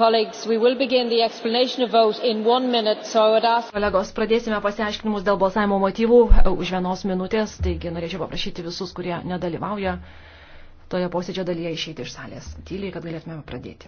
Kolegos, pradėsime pasiaiškinimus dėl balsavimo motyvų e, už vienos minutės, taigi norėčiau paprašyti visus, kurie nedalyvauja toje posėdžio dalyje išeiti iš salės tyliai, kad galėtume pradėti.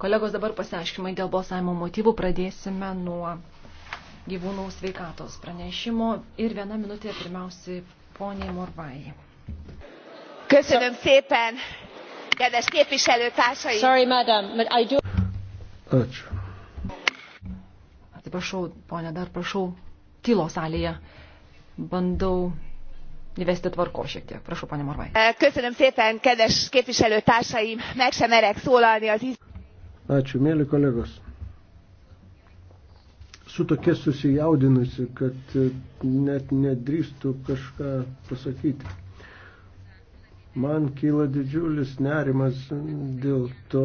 Kolegos, dabar pasiaiškimai dėl balsavimo motyvų pradėsime nuo gyvūnų sveikatos pranešimo ir vieną minutę pirmiausiai poniai Morvai. Köszönöm szépen, kedves képviselőtársaim! Sorry, madam, but I do... Ačiū. Atsiprašau, ponia, dar prašau, tylo salėje. Bandau įvesti tvarkos šiek tiek. Prašau, ponė Morvai. E, köszönöm szépen, kedves képviselőtársaim, meg sem merek szólalni az Ačiū, mėly kolegos. Su tokia susijaudinusi, kad e, net nedrįstu kažką pasakyti. Man kyla didžiulis nerimas dėl to,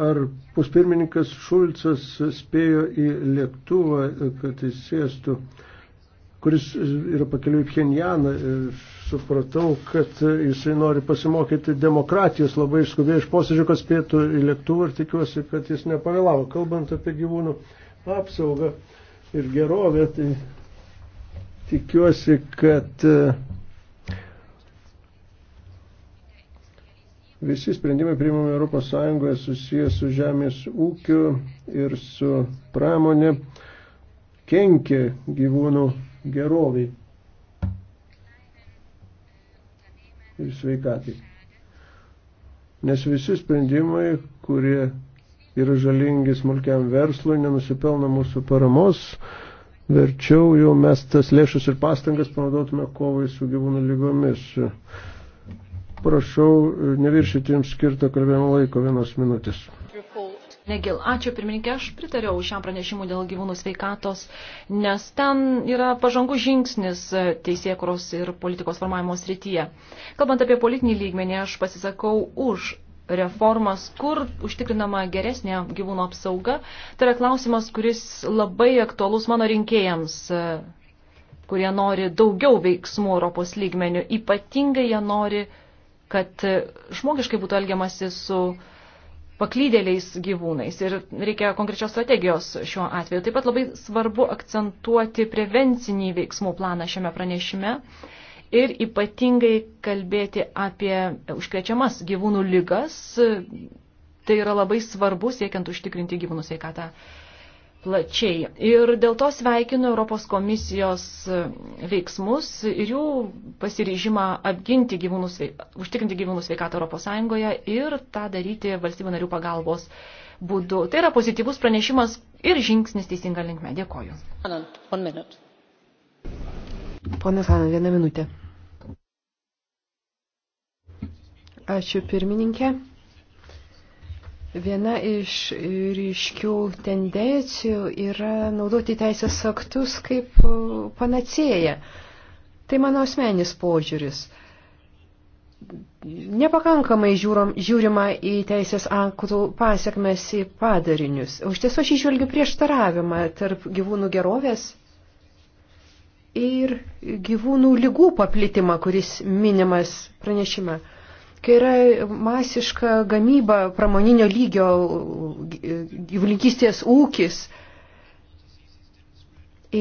ar puspirmininkas Šulcas spėjo į lėktuvą, e, kad jis sėstų kuris e, yra pakeliu į Pjenjaną ir e, supratau, kad e, jisai nori pasimokyti demokratijos labai skubiai iš posėdžio, kad spėtų į lėktuvą ir tikiuosi, kad jis nepavėlavo. Kalbant apie gyvūnų apsaugą ir gerovę, tai tikiuosi, kad visi sprendimai priimami Europos Sąjungoje susijęs su žemės ūkiu ir su pramonė kenkia gyvūnų geroviai ir sveikatai. Nes visi sprendimai, kurie yra žalingi smulkiam verslui, nenusipelna mūsų paramos, verčiau jau mes tas lėšas ir pastangas panaudotume kovai su gyvūnų lygomis. Prašau neviršyti jums skirtą kalbėjimo laiko vienos minutės. Negil. Ačiū pirmininkė, aš pritariau šiam pranešimu dėl gyvūnų sveikatos, nes ten yra pažangų žingsnis teisėkuros ir politikos formavimo srityje. Kalbant apie politinį lygmenį, aš pasisakau už reformas, kur užtikrinama geresnė gyvūnų apsauga. Tai yra klausimas, kuris labai aktualus mano rinkėjams kurie nori daugiau veiksmų Europos lygmenių, ypatingai jie nori, kad žmogiškai būtų elgiamasi su uh, paklydėliais gyvūnais ir reikia konkrečios strategijos šiuo atveju. Taip pat labai svarbu akcentuoti prevencinį veiksmų planą šiame pranešime ir ypatingai kalbėti apie užkrečiamas gyvūnų lygas. Tai yra labai svarbu siekiant užtikrinti gyvūnų sveikatą plačiai. Ir dėl to sveikinu Europos komisijos e, veiksmus ir jų pasiryžimą apginti gyvūnų, užtikrinti gyvūnų sveikatą Europos Sąjungoje ir tą daryti valstybių narių pagalbos būdu. Tai yra pozityvus pranešimas ir žingsnis teisinga linkme. Dėkoju. Pone Hanan, vieną minutę. Ačiū pirmininkė. Viena iš ryškių tendencijų yra naudoti teisės aktus kaip panacėja. Tai mano asmenis požiūris. Nepakankamai žiūrom, žiūrima į teisės aktų pasiekmes į padarinius. Už tiesų aš išvelgiu prieštaravimą tarp gyvūnų gerovės ir gyvūnų lygų paplitimą, kuris minimas pranešime kai yra masiška gamyba pramoninio lygio gyvulinkystės ūkis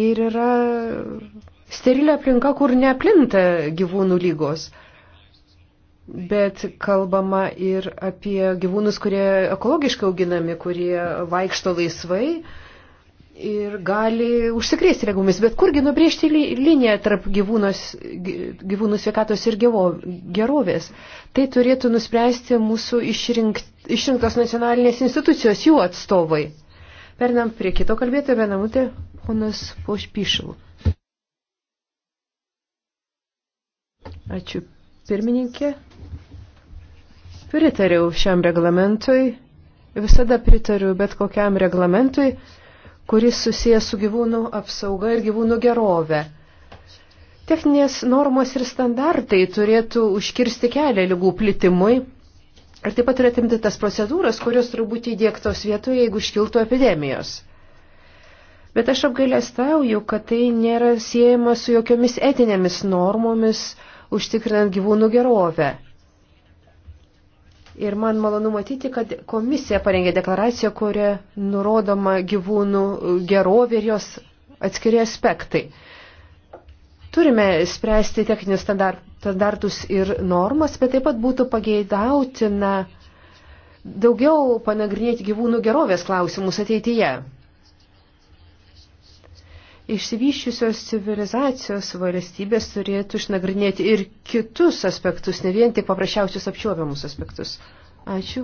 ir yra sterilė aplinka, kur neplinta gyvūnų lygos. Bet kalbama ir apie gyvūnus, kurie ekologiškai auginami, kurie vaikšto laisvai. Uh, ir gali užsikrėsti regomis. Bet kurgi nubrėžti liniją tarp gyvūnos, gyvūnų sveikatos ir gerovės? Tai turėtų nuspręsti mūsų išrinkt, išrinktos nacionalinės institucijos, jų atstovai. Pernam prie kito kalbėtojo, vienamutė, ponas Pošpišil. Ačiū, pirmininkė. Pritariau šiam reglamentui, visada pritariu bet kokiam reglamentui, kuris susijęs su gyvūnų apsauga ir gyvūnų gerove. Techninės normos ir standartai turėtų užkirsti kelią lygų plitimui ir taip pat turi atimti tas procedūras, kurios turi būti įdėktos vietoje, jeigu iškiltų epidemijos. Bet aš apgailestauju, kad tai nėra siejama su jokiomis etinėmis normomis, užtikrinant gyvūnų gerovę. Ir man malonu matyti, kad komisija parengė deklaraciją, kuria nurodoma gyvūnų gerovė ir jos atskiri aspektai. Turime spręsti techninius standartus ir normas, bet taip pat būtų pageidautina daugiau panagrinėti gyvūnų gerovės klausimus ateityje išsivyščiusios civilizacijos valstybės turėtų išnagrinėti ir kitus aspektus, ne vien tik paprasčiausius apčiuopiamus aspektus. Ačiū.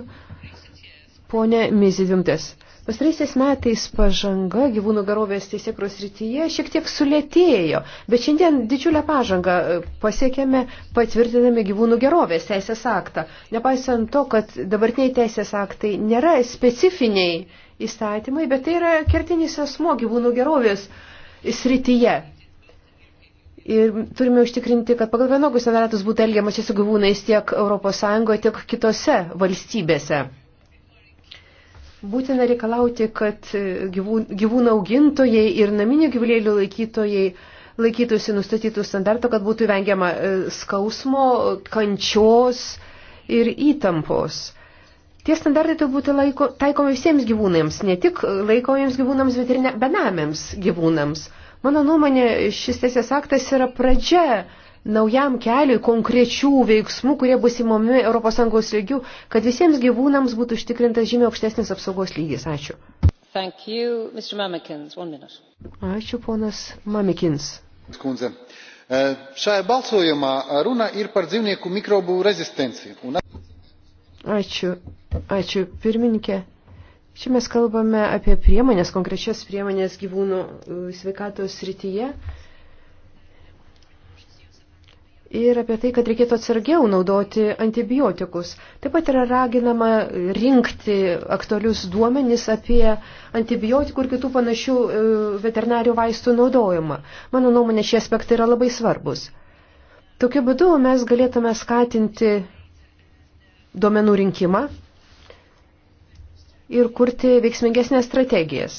Pone Mizidimtės, pastaraisiais metais pažanga gyvūnų garovės teisėkros rytyje šiek tiek sulėtėjo, bet šiandien didžiulę pažangą e, pasiekėme patvirtinami gyvūnų gerovės teisės aktą. Nepaisant to, kad dabartiniai teisės aktai nėra specifiniai įstatymai, bet tai yra kertinis asmo gyvūnų gerovės srityje. Ir turime užtikrinti, kad pagal vienokius standartus būtų elgiamasi su gyvūnais tiek ES, tiek kitose valstybėse. Būtina reikalauti, kad gyvūnų augintojai ir naminių gyvulėlių laikytojai laikytųsi nustatytų standartų, kad būtų vengiama e, skausmo, kančios ir įtampos. Tie standartai turi būti laiko, taikomi visiems gyvūnams, ne tik laikojams gyvūnams, bet ir ne, benamiams gyvūnams. Mano nuomonė, šis teisės aktas yra pradžia naujam keliui konkrečių veiksmų, kurie bus įmami ES lygių, kad visiems gyvūnams būtų užtikrintas žymiai aukštesnis apsaugos lygis. Ačiū. Thank you, Mr. Mamikins. One minute. Ačiū, ponas Mamikins. Skundze. Šajā balsojumā runa ir par dzīvnieku mikrobu rezistenci. Un... Ačiū Ačiū, pirmininkė. Čia mes kalbame apie priemonės, konkrečias priemonės gyvūnų e, sveikatos srityje. Ir apie tai, kad reikėtų atsargiau naudoti antibiotikus. Taip pat yra raginama rinkti aktualius duomenis apie antibiotikų ir kitų panašių e, veterinarių vaistų naudojimą. Mano nuomonė, šie aspektai yra labai svarbus. Tokiu būdu mes galėtume skatinti duomenų rinkimą ir kurti veiksmingesnės strategijas.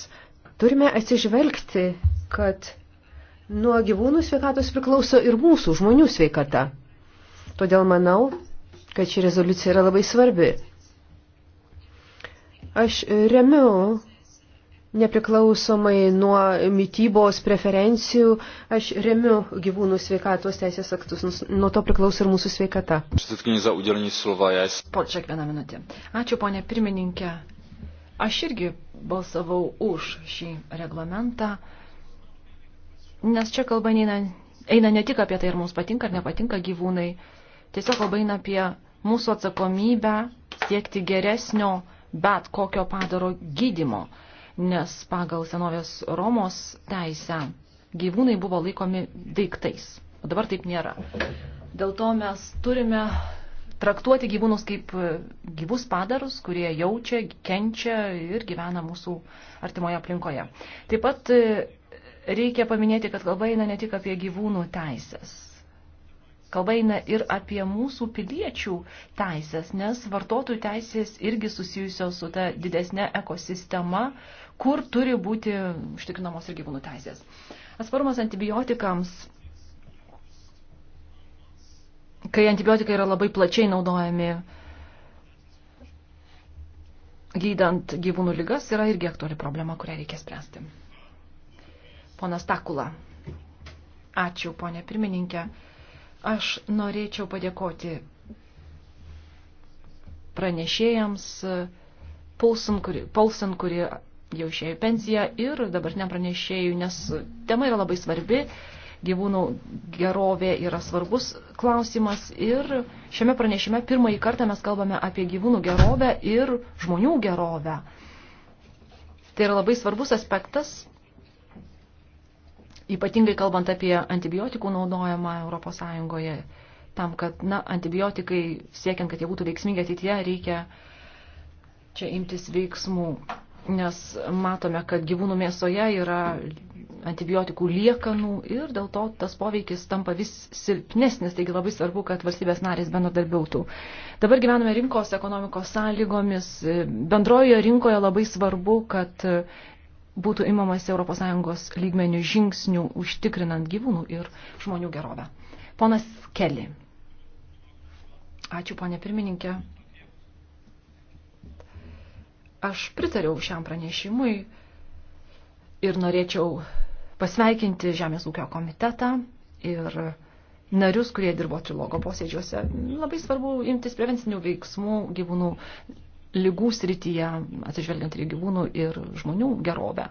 Turime atsižvelgti, kad nuo gyvūnų sveikatos priklauso ir mūsų žmonių sveikata. Todėl manau, kad ši rezoliucija yra labai svarbi. Aš remiu nepriklausomai nuo mytybos preferencijų, aš remiu gyvūnų sveikatos teisės aktus, nuo to priklauso ir mūsų sveikata. Poček vieną minutę. Ačiū, ponė pirmininkė. Aš irgi balsavau už šį reglamentą, nes čia kalba neina, eina ne tik apie tai, ar mums patinka ar nepatinka gyvūnai, tiesiog kalba eina apie mūsų atsakomybę siekti geresnio bet kokio padaro gydimo, nes pagal senovės Romos teisę gyvūnai buvo laikomi daiktais, o dabar taip nėra. Dėl to mes turime traktuoti gyvūnus kaip e, gyvus padarus, kurie jaučia, kenčia ir gyvena mūsų artimoje aplinkoje. Taip pat e, reikia paminėti, kad kalba eina ne tik apie gyvūnų teisės. Kalba eina ir apie mūsų piliečių teisės, nes vartotojų teisės irgi susijusios su ta didesnė ekosistema, kur turi būti užtikrinamos ir gyvūnų teisės. Atsparumas antibiotikams kai antibiotikai yra labai plačiai naudojami gydant gyvūnų lygas, yra irgi aktuali problema, kurią reikia spręsti. Ponas Takula. Ačiū, ponė pirmininkė. Aš norėčiau padėkoti pranešėjams Paulson, kuri, Paulson, kuri jau išėjo pensiją ir dabar nepranešėjų, nes tema yra labai svarbi gyvūnų gerovė yra svarbus klausimas ir šiame pranešime pirmąjį kartą mes kalbame apie gyvūnų gerovę ir žmonių gerovę. Tai yra labai svarbus aspektas, ypatingai kalbant apie antibiotikų naudojimą Europos Sąjungoje, tam, kad na, antibiotikai siekiant, kad jie būtų veiksmingi ateityje, reikia čia imtis veiksmų nes matome, kad gyvūnų mėsoje yra antibiotikų liekanų ir dėl to tas poveikis tampa vis silpnesnis, taigi labai svarbu, kad valstybės narės bendradarbiautų. Dabar gyvename rinkos ekonomikos sąlygomis, bendrojoje rinkoje labai svarbu, kad būtų imamas ES lygmenių žingsnių užtikrinant gyvūnų ir žmonių gerovę. Ponas Keli. Ačiū, ponė pirmininkė. Aš pritariau šiam pranešimui ir norėčiau pasveikinti Žemės ūkio komitetą ir narius, kurie dirbo trilogo posėdžiuose. Labai svarbu imtis prevencinių veiksmų gyvūnų lygų srityje, atsižvelgiant ir gyvūnų ir žmonių gerovę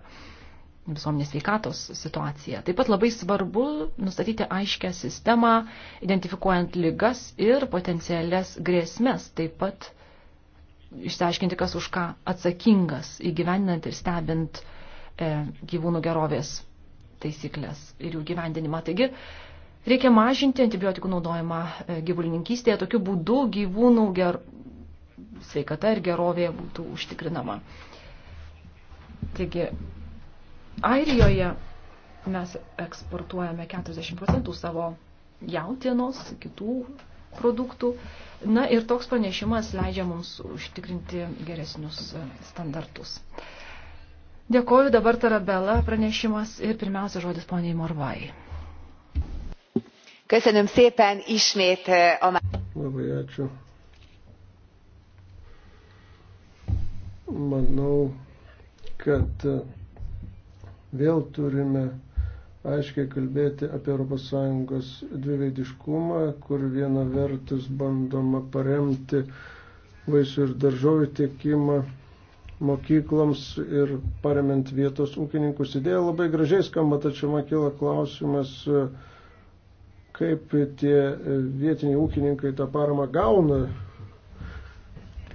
visuomenės veikatos situaciją. Taip pat labai svarbu nustatyti aiškę sistemą, identifikuojant lygas ir potencialias grėsmes, taip pat išsiaiškinti, kas už ką atsakingas įgyvendinant ir stebint e, gyvūnų gerovės taisyklės ir jų gyvendinimą. Taigi, reikia mažinti antibiotikų naudojimą e, gyvulininkystėje, tokiu būdu gyvūnų ger... sveikata ir gerovė būtų užtikrinama. Taigi, Airijoje mes eksportuojame 40 procentų savo jautienos, kitų produktų. Na ir toks pranešimas leidžia mums užtikrinti geresnius e, standartus. Dėkoju dabar Tarabela pranešimas ir pirmiausia žodis poniai Morvai. Köszönöm szépen ismét e, a... Labai ačiū. Manau, kad e, vėl turime aiškiai kalbėti apie ES dviveidiškumą, kur viena vertus bandoma paremti vaisių ir daržovių tiekimą mokykloms ir paremant vietos ūkininkus. Idėja labai gražiai skamba, tačiau man kila klausimas, kaip tie vietiniai ūkininkai tą paramą gauna.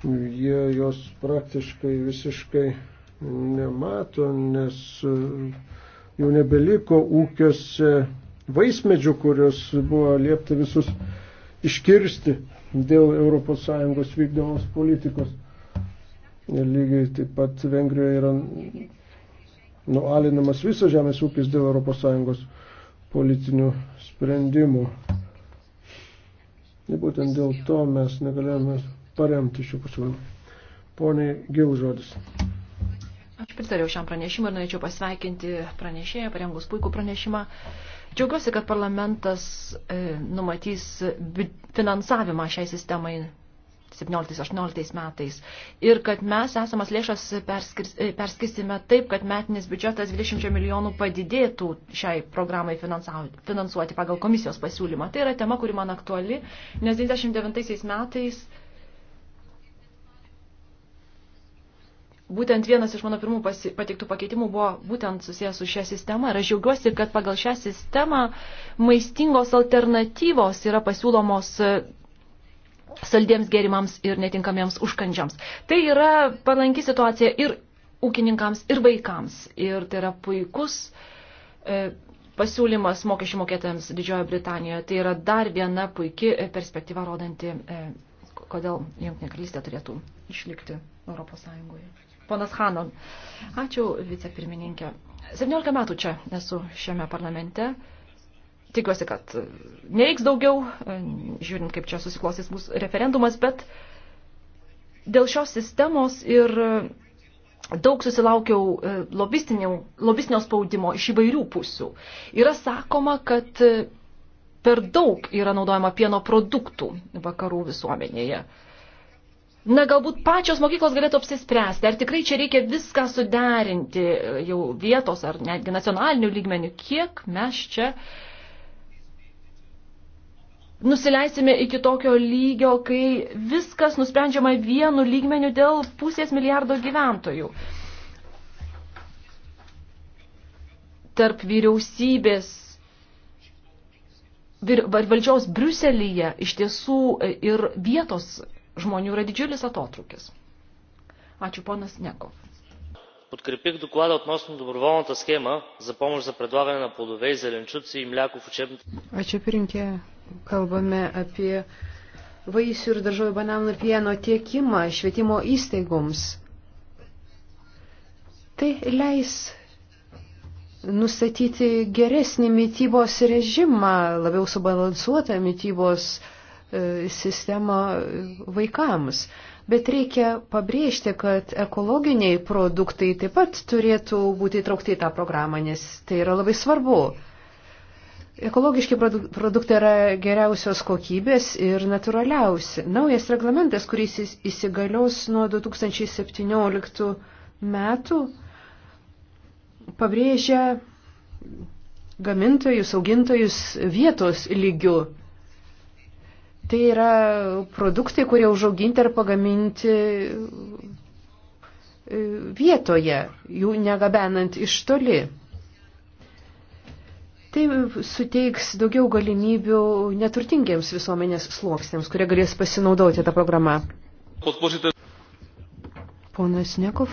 Jie jos praktiškai visiškai nemato, nes uh, jau nebeliko ūkiuose vaismedžių, kurios buvo liepta visus iškirsti dėl ES vykdomos politikos. Ir lygiai taip pat Vengrijoje yra nualinamas visas žemės ūkis dėl ES politinių sprendimų. Ir būtent dėl to mes negalėjome paremti šių pasiūlymų. Pone Gil žodis. Aš pritariau šiam pranešimui ir norėčiau pasveikinti pranešėją, parengus puikų pranešimą. Džiaugiuosi, kad parlamentas e, numatys finansavimą šiai sistemai 17-18 metais ir kad mes esamas lėšas e, perskirstime taip, kad metinis biudžetas 20 milijonų padidėtų šiai programai finansuoti pagal komisijos pasiūlymą. Tai yra tema, kuri man aktuali, nes 99 metais būtent vienas iš mano pirmų pasi, patiktų pakeitimų buvo būtent susijęs su šia sistema. Ir aš džiaugiuosi, kad pagal šią sistemą maistingos alternatyvos yra pasiūlomos e, saldiems gėrimams ir netinkamiems užkandžiams. Tai yra palanki situacija ir ūkininkams, ir vaikams. Ir tai yra puikus e, pasiūlymas mokesčių mokėtojams Didžiojo Britanijoje. Tai yra dar viena puiki e, perspektyva rodanti, e, kodėl Junktinė karalystė turėtų išlikti Europos Sąjungoje. Ponas Hanon. Ačiū, vicepirmininkė. 17 metų čia esu šiame parlamente. Tikiuosi, kad nereiks daugiau, žiūrint, kaip čia susiklostys mūsų referendumas, bet dėl šios sistemos ir daug susilaukiau e, lobistinio spaudimo iš įvairių pusių. Yra sakoma, kad e, per daug yra naudojama pieno produktų vakarų visuomenėje. Na, galbūt pačios mokyklos galėtų apsispręsti, ar tikrai čia reikia viską suderinti e, jau vietos ar netgi nacionalinių lygmenių, kiek mes čia nusileisime iki tokio lygio, kai viskas nusprendžiama vienu lygmeniu dėl pusės milijardo gyventojų. Tarp vyriausybės valdžios Briuselyje iš tiesų e, ir vietos žmonių yra didžiulis atotrukis. Ačiū ponas Nekov. Подкрепих доклада относно доброволната схема за помощ за предлагане на плодове и зеленчуци и мляко в учебните... Ačiū pirinkė. Kalbame apie vaisių ir daržovių bananų pieno tiekimą švietimo įstaigoms. Tai leis nustatyti geresnį mytybos režimą, labiau subalansuotą mytybos režimą E, sistemą vaikams. Bet reikia pabrėžti, kad ekologiniai produktai taip pat turėtų būti įtraukti į tą programą, nes tai yra labai svarbu. Ekologiški produktai yra geriausios kokybės ir natūraliausi. Naujas reglamentas, kuris įsigalios nuo 2017 metų, pabrėžia gamintojus, augintojus vietos lygių. Tai yra produktai, kurie užauginti ar pagaminti e, vietoje, jų negabenant iš toli. Tai suteiks daugiau galimybių neturtingiems visuomenės sluoksniams, kurie galės pasinaudoti tą programą. Ponas Nekov,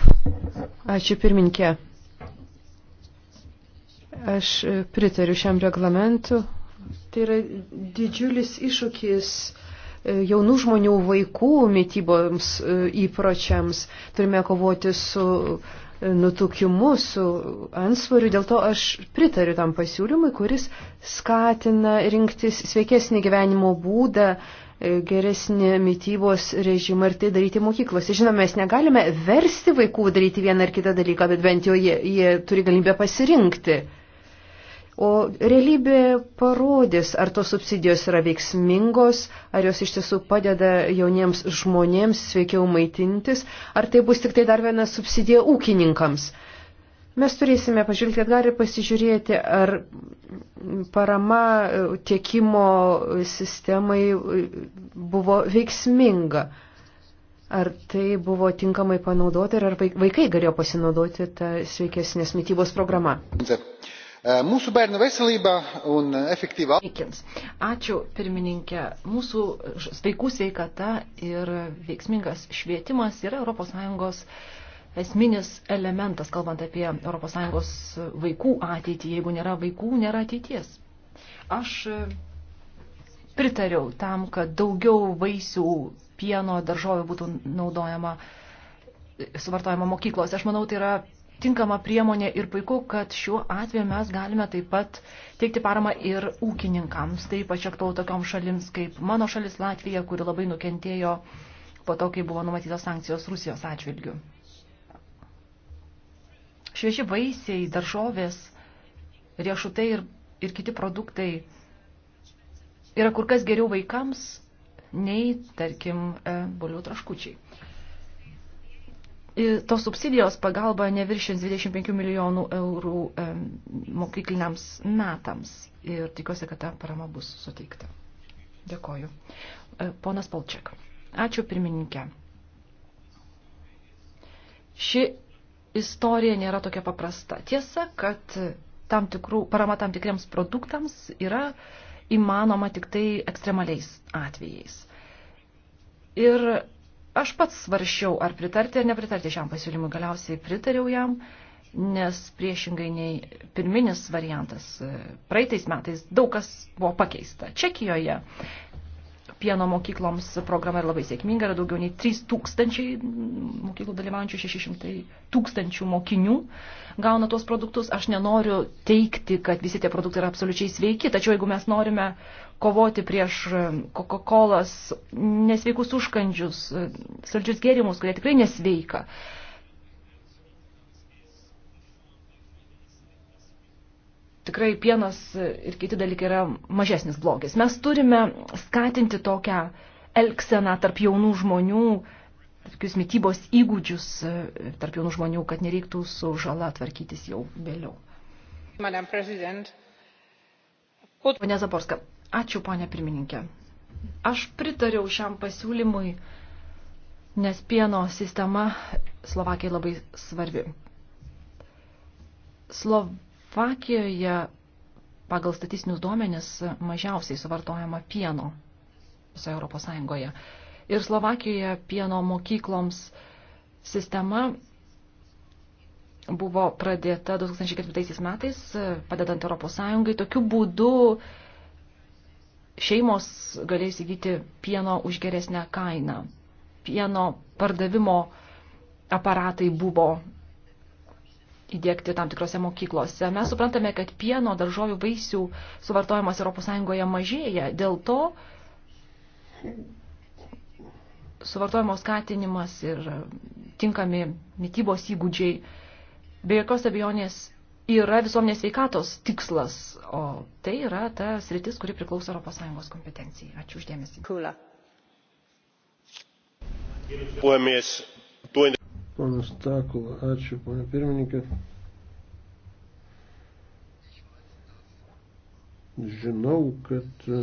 ačiū pirminkė. Aš pritariu šiam reglamentu, Tai yra didžiulis iššūkis e, jaunų žmonių vaikų mytyboms e, įpročiams. Turime kovoti su e, nutukimu, su ansvariu. Dėl to aš pritariu tam pasiūlymui, kuris skatina rinktis sveikesnį gyvenimo būdą, geresnį mytybos režimą ir tai daryti mokyklose. Žinoma, mes negalime versti vaikų daryti vieną ar kitą dalyką, bet bent jau jie, jie turi galimybę pasirinkti. O realybė parodys, ar tos subsidijos yra veiksmingos, ar jos iš tiesų padeda jauniems žmonėms sveikiau maitintis, ar tai bus tik tai dar viena subsidija ūkininkams. Mes turėsime pažvelgti atgal ir pasižiūrėti, ar parama e, tiekimo sistemai e, buvo veiksminga, ar tai buvo tinkamai panaudota ir ar vaikai galėjo pasinaudoti tą sveikesnės mytybos programą. Dėkui. E, mūsų bērnu veselība un efektyva. Ačiū, pirmininkė. Mūsų sveikų sveikata ir veiksmingas švietimas yra ES esminis elementas, kalbant apie ES vaikų ateitį. Jeigu nėra vaikų, nėra ateities. Aš e, pritariau tam, kad daugiau vaisių, pieno, daržovių būtų naudojama e, suvartojama mokyklose. Aš manau, tai yra tinkama priemonė ir puiku, kad šiuo atveju mes galime taip pat teikti paramą ir ūkininkams. Tai ypač aktualu tokiom šalims kaip mano šalis Latvija, kuri labai nukentėjo po to, kai buvo numatytos sankcijos Rusijos atžvilgių. Švieži vaisiai, daržovės, riešutai ir, ir kiti produktai yra kur kas geriau vaikams nei, tarkim, e, bulių traškučiai tos subsidijos pagalba neviršins 25 milijonų eurų mokykliniams metams. Ir tikiuosi, kad ta parama bus suteikta. Dėkoju. E, ponas Palčiak. Ačiū pirmininkė. Ši istorija nėra tokia paprasta. Tiesa, kad tam tikrų, parama tam tikriems produktams yra įmanoma tik tai ekstremaliais atvejais. Ir Aš pats svaršiau, ar pritarti ar nepritarti šiam pasiūlymui. Galiausiai pritariau jam, nes priešingai nei pirminis variantas praeitais metais daug kas buvo pakeista. Čekijoje pieno mokykloms programa yra labai sėkminga, yra daugiau nei 3 tūkstančiai mokyklų dalyvaujančių, 600 tūkstančių mokinių gauna tuos produktus. Aš nenoriu teikti, kad visi tie produktai yra absoliučiai sveiki, tačiau jeigu mes norime kovoti prieš Coca-Colas nesveikus užkandžius, saldžius gėrimus, kurie tikrai nesveika. Tikrai pienas ir kiti dalykai yra mažesnis blogis. Mes turime skatinti tokią elkseną tarp jaunų žmonių, tokius mytybos įgūdžius e, tarp jaunų žmonių, kad nereiktų su žala tvarkytis jau vėliau. Madam President. Pone Zaborska, Ačiū, ponė pirmininkė. Aš pritariau šiam pasiūlymui, nes pieno sistema Slovakijai labai svarbi. Slovakijoje pagal statistinius duomenis mažiausiai suvartojama pieno visoje Europos Sąjungoje. Ir Slovakijoje pieno mokykloms sistema buvo pradėta 2004 metais, padedant Europos Sąjungai. Tokiu būdu šeimos galės įgyti pieno už geresnę kainą. Pieno pardavimo aparatai buvo įdėkti tam tikrose mokyklose. Mes suprantame, kad pieno, daržovių, vaisių suvartojimas ES mažėja. Dėl to suvartojimo skatinimas ir tinkami mytybos įgūdžiai be jokios abejonės yra visuomenės veikatos tikslas, o tai yra ta sritis, kuri priklauso ES kompetencijai. Ačiū uždėmesį. Kula. Ponas Takula, ačiū, ponė pirmininkė. Žinau, kad e,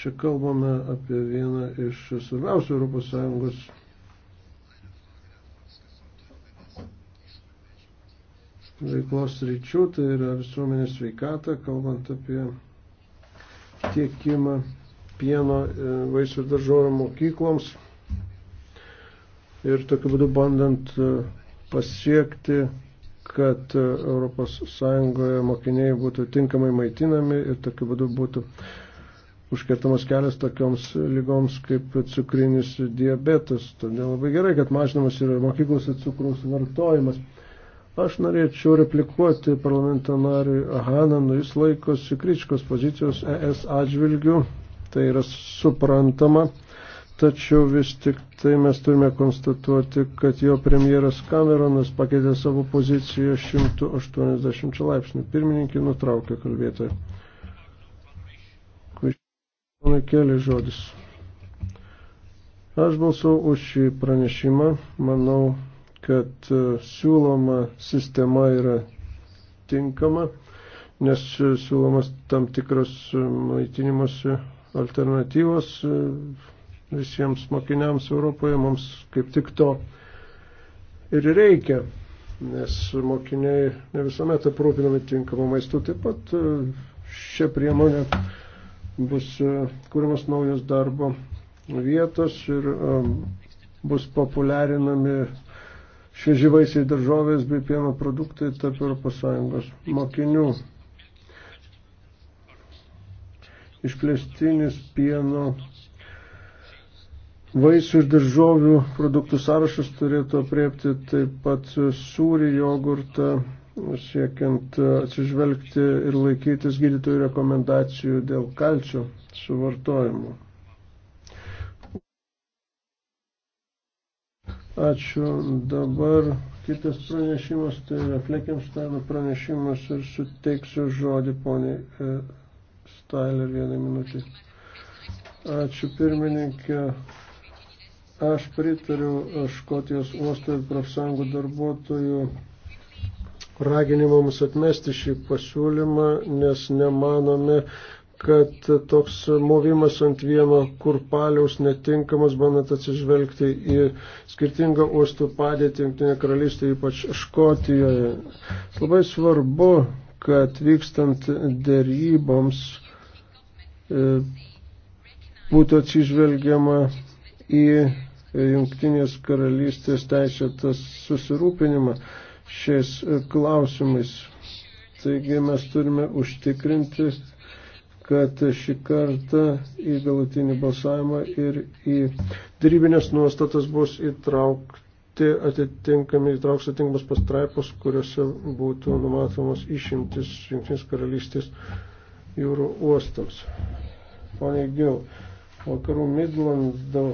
čia kalbame apie vieną iš svarbiausių ES veiklos ryčių, tai yra visuomenės sveikata, kalbant apie tiekimą pieno e, vaisių ir daržovių mokykloms. Ir tokiu būdu bandant e, pasiekti, kad ES mokiniai būtų tinkamai maitinami ir tokiu būdu būtų užkertamas kelias tokioms lygoms kaip cukrinis diabetas. Todėl labai gerai, kad mažinamas yra mokyklose cukraus vartojimas. Aš norėčiau replikuoti parlamento nariui Hananui, jis laikosi kritiškos pozicijos ES atžvilgių, tai yra suprantama, tačiau vis tik tai mes turime konstatuoti, kad jo premjeras Cameronas pakeitė savo poziciją 180 laipsnių. Pirmininkį nutraukė kalbėtoją. Pana Keli žodis. Aš balsau už šį pranešimą, manau, kad e, siūloma sistema yra tinkama, nes e, siūlomas tam tikras e, maitinimuose alternatyvos visiems mokiniams Europoje, mums kaip tik to ir reikia, nes mokiniai ne visuomet aprūpinami tinkamų maistų. Taip pat šią priemonę bus kūrimas naujos darbo vietos ir bus populiarinami švieži vaisiai daržovės bei pieno produktai tarp ES mokinių. Išplėstinis pieno vaisių ir daržovių produktų sąrašas turėtų apriepti taip pat sūrį, jogurtą, siekiant atsižvelgti ir laikytis gydytojų rekomendacijų dėl kalčio suvartojimo. Ačiū. Dabar kitas pranešimas, tai yra Fleckensteino pranešimas ir suteiksiu žodį poniai e, Stailer vieną minutį. Ačiū pirmininkė. Aš pritariu Škotijos uosto ir profsąjungų darbuotojų raginimams atmesti šį pasiūlymą, nes nemanome, kad toks movimas ant vieno kurpaliaus netinkamas, bandant atsižvelgti į skirtingą uostų padėtį Junktinėje karalystėje, ypač Škotijoje. Labai svarbu, kad vykstant dėryboms e, būtų atsižvelgiama į Junktinės karalystės teisėtas susirūpinimą šiais klausimais. Taigi mes turime užtikrinti kad šį kartą į galutinį balsavimą ir į darybinės nuostatas bus įtraukti atitinkami, įtrauks atitinkamas pastraipos, kuriuose būtų numatomas išimtis Junktinės karalystės jūrų uostams. Pone Gil, vakarų Midlando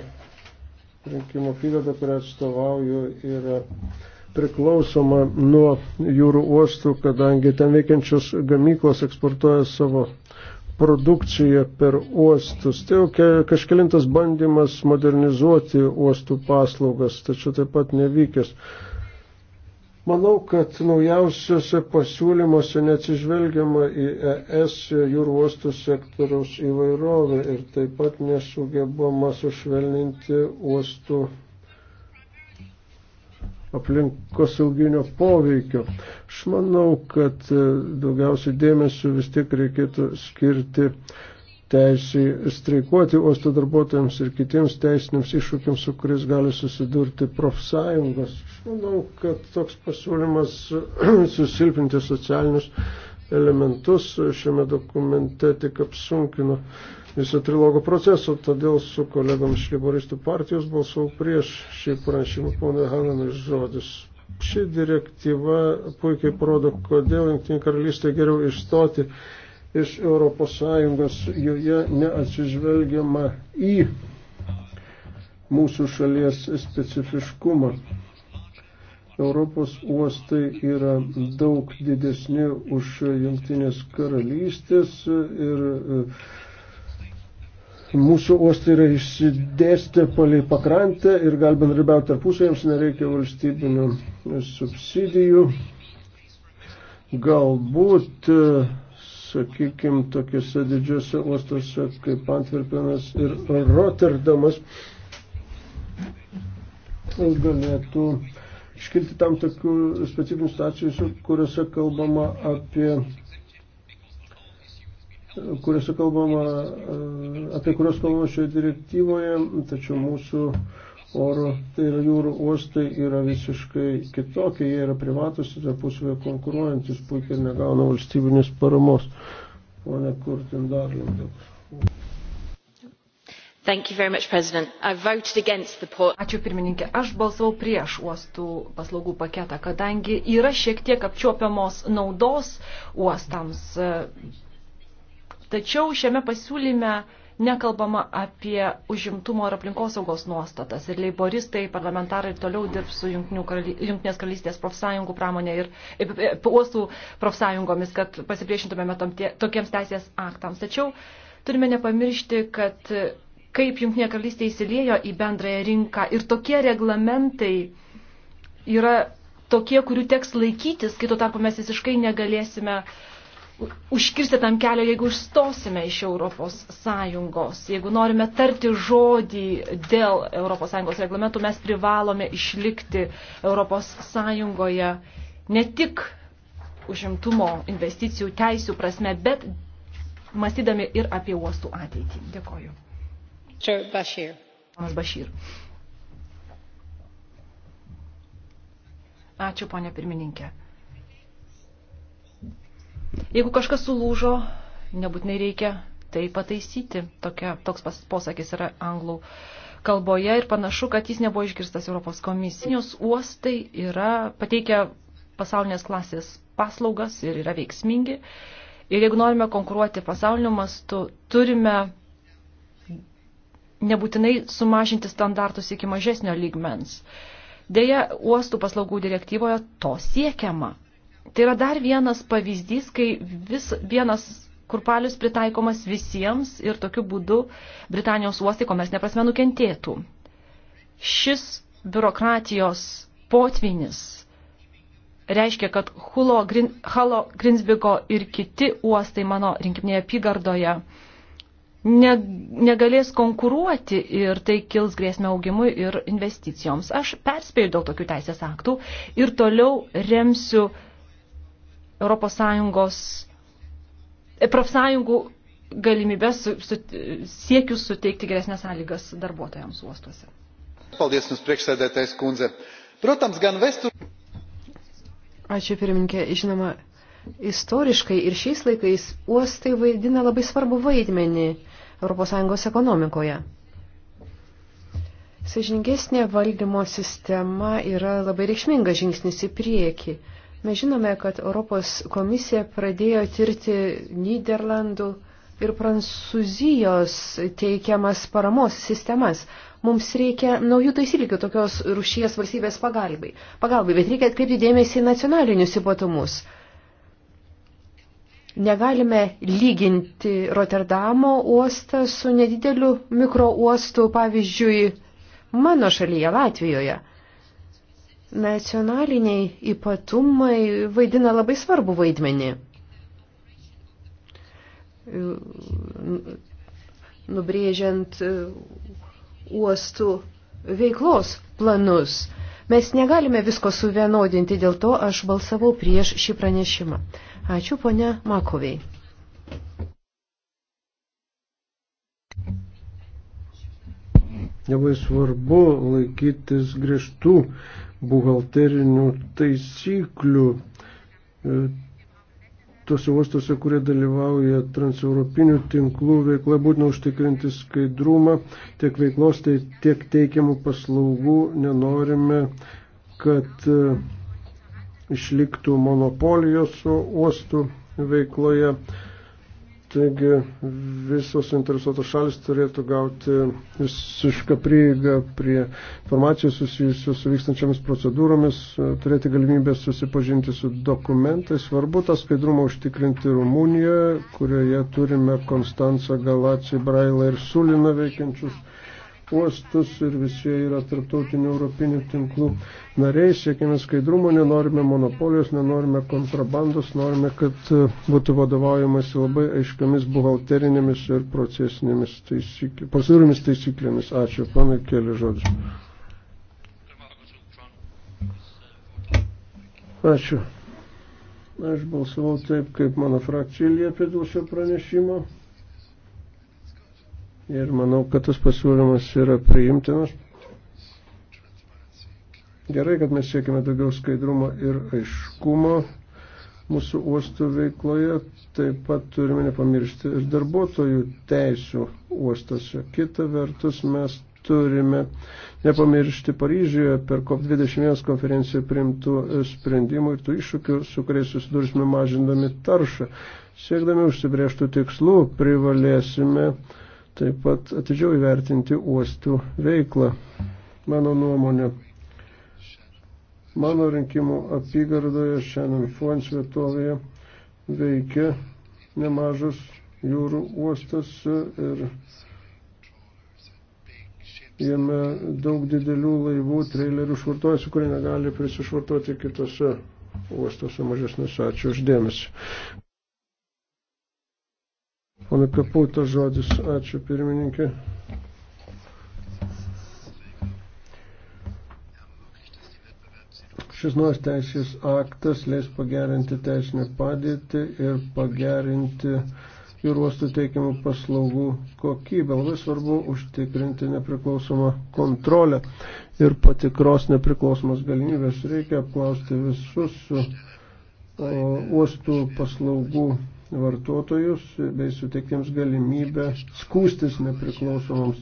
rinkimo apygarda, kurią atstovauju, yra priklausoma nuo jūrų uostų, kadangi ten veikiančios gamyklos eksportuoja savo produkciją per uostus. Tai jau kažkelintas bandymas modernizuoti uostų paslaugas, tačiau taip pat nevykęs. Manau, kad naujausiuose pasiūlymuose neatsižvelgiama į ES jūrų uostų sektoriaus įvairovę ir taip pat nesugebama sušvelninti uostų aplinkosauginio poveikio. Aš manau, kad e, daugiausiai dėmesio vis tik reikėtų skirti teisį streikuoti uosto darbuotojams ir kitiems teisiniams iššūkiams, su kuriais gali susidurti profsąjungos. Aš manau, kad toks pasiūlymas susilpinti socialinius elementus šiame dokumente tik apsunkino visą trilogo procesą, todėl su kolegom iš Liboristų partijos balsavau prieš šį pranešimą, ponai Hananai žodis. Ši direktyva puikiai parodo, kodėl Junktinė karalystė geriau išstoti iš Europos Sąjungos, joje neatsižvelgiama į mūsų šalies specifiškumą. Europos uostai yra daug didesni už jungtinės karalystės ir e, mūsų uostai yra išsidėstę palei pakrantę ir gali bendrabiauti tarpusą, jiems nereikia valstybinių subsidijų. Galbūt, e, sakykime, tokiuose didžiuose uostuose kaip Antverpenas ir Rotterdamas galėtų uh, iškilti tam tokių specifinių stacijų, kuriuose kalbama apie kuriuose kalbama, e, apie kurios kalbama šioje direktyvoje, tačiau mūsų oro, tai yra jūrų uostai, yra visiškai kitokie, jie yra privatus ir tarpusavėje konkuruojantis, puikiai negauna valstybinės paramos. Pone Kurtin dar labiau. Ačiū pirmininkė. Aš balsavau prieš uostų paslaugų paketą, kadangi yra šiek tiek apčiuopiamos naudos uostams. Tačiau šiame pasiūlyme nekalbama apie užimtumo ir aplinkosaugos nuostatas. Ir leiboristai, parlamentarai toliau dirbs su Junktinės karalystės profsąjungų pramonė ir e, e, e, uostų profsąjungomis, kad pasipriešintumėme tokiems teisės aktams. Tačiau turime nepamiršti, kad kaip Junktinė karalystė įsiliejo į bendrąją rinką ir tokie reglamentai yra tokie, kurių teks laikytis, kai tuo tarpu mes visiškai negalėsime užkirsti tam kelio, jeigu išstosime iš Europos Sąjungos. Jeigu norime tarti žodį dėl Europos Sąjungos reglamentų, mes privalome išlikti Europos Sąjungoje ne tik užimtumo investicijų teisių prasme, bet mąstydami ir apie uostų ateitį. Dėkoju. Bashir. Bashir. Ačiū, ponė pirmininkė. Jeigu kažkas sulūžo, nebūtinai reikia tai pataisyti. Tokia, toks posakis yra anglų kalboje ir panašu, kad jis nebuvo išgirstas Europos komisijos. Uostai yra pateikę pasaulinės klasės paslaugas ir yra veiksmingi. Ir jeigu norime konkuruoti pasauliniu mastu, turime nebūtinai sumažinti standartus iki mažesnio lygmens. Deja, uostų paslaugų direktyvoje to siekiama. Tai yra dar vienas pavyzdys, kai vis, vienas kurpalius pritaikomas visiems ir tokiu būdu Britanijos uostai komersinė prasme nukentėtų. Šis biurokratijos potvinis reiškia, kad Hulo, Grin, Halo, Grinsbigo ir kiti uostai mano rinkiminėje apygardoje uh, ne, negalės konkuruoti ir tai kils grėsmė augimui ir investicijoms. Aš perspėju dėl tokių teisės aktų ir toliau remsiu ES e, profsąjungų galimybės su, su, siekius suteikti geresnės sąlygas darbuotojams uostuose. Paldies Jums priekšsėdėtais kundze. Protams, gan vestų. Ačiū pirmininkė. Žinoma, istoriškai ir šiais laikais uostai vaidina labai svarbu vaidmenį ES ekonomikoje. Sažingesnė valdymo sistema yra labai reikšmingas žingsnis į priekį. Mes žinome, kad Europos komisija pradėjo tirti Niderlandų ir Prancūzijos teikiamas paramos sistemas. Mums reikia naujų taisyklių tokios rušies valstybės pagalbai. pagalbai, bet reikia atkreipti dėmesį į nacionalinius ypatumus. Negalime lyginti Rotterdamo uostą su nedideliu mikrouostu, pavyzdžiui, mano šalyje Latvijoje. Nacionaliniai ypatumai vaidina labai svarbu vaidmenį. Nubrėžiant uostų veiklos planus. Mes negalime visko suvienodinti, dėl to aš balsavau prieš šį pranešimą. Ačiū, ponia Makoviai. Labai svarbu laikytis griežtų buhalterinių taisyklių e, tose uostose, kurie dalyvauja transeuropinių tinklų veikla, būtina užtikrinti skaidrumą tiek veiklos, tai tiek teikiamų paslaugų. Nenorime, kad uh, išliktų monopolijos uostų veikloje. Taigi visos interesuotos šalis turėtų gauti visišką prieigą prie informacijos susijusios su vykstančiamis procedūromis, turėti galimybę susipažinti su dokumentais. Svarbu tą skaidrumą užtikrinti Rumunijoje, kurioje turime Konstanciją, Galaciją, Brailą ir Suliną veikiančius uostus ir visi yra tarptautinių europinių tinklų nariai, siekime skaidrumo, nenorime monopolijos, nenorime kontrabandos, norime, kad e, būtų vadovaujamasi labai aiškiamis buhalterinėmis ir procesinėmis taisyklėmis, procedūromis taisyklėmis. Ačiū, panai, keli žodžiu. Ačiū. Aš balsavau taip, kaip mano frakcija liepė dėl šio pranešimo ir manau, kad tas pasiūlymas yra priimtinas. Gerai, kad mes siekime daugiau skaidrumo ir aiškumo mūsų uostų veikloje, taip pat turime nepamiršti ir darbuotojų teisų uostose. Kita vertus, mes turime nepamiršti Paryžiuje per COP21 konferenciją priimtų sprendimų ir tų iššūkių, su kuriais susidursime mažindami taršą. Siekdami užsibrėžtų tikslų privalėsime uh, taip pat atidžiau įvertinti uostų veiklą. Mano nuomonė, mano rinkimų apygardoje šiandien Fuens vietovėje veikia nemažas jūrų uostas ir jame daug didelių laivų, trailerių švartuojasi, kurie negali prisišvartuoti kitose uostose mažesnėse. Ačiū uždėmesi. Pone Kaputo žodis. Ačiū pirmininkė. Šis nuos teisės aktas leis pagerinti teisinę padėtį ir pagerinti jūrų uostų teikiamų paslaugų kokybę. Labai svarbu užtikrinti nepriklausomą kontrolę ir patikros nepriklausomos galimybės. Reikia apklausti visus uh, uostų paslaugų vartotojus bei suteiktiems galimybę skūstis nepriklausomoms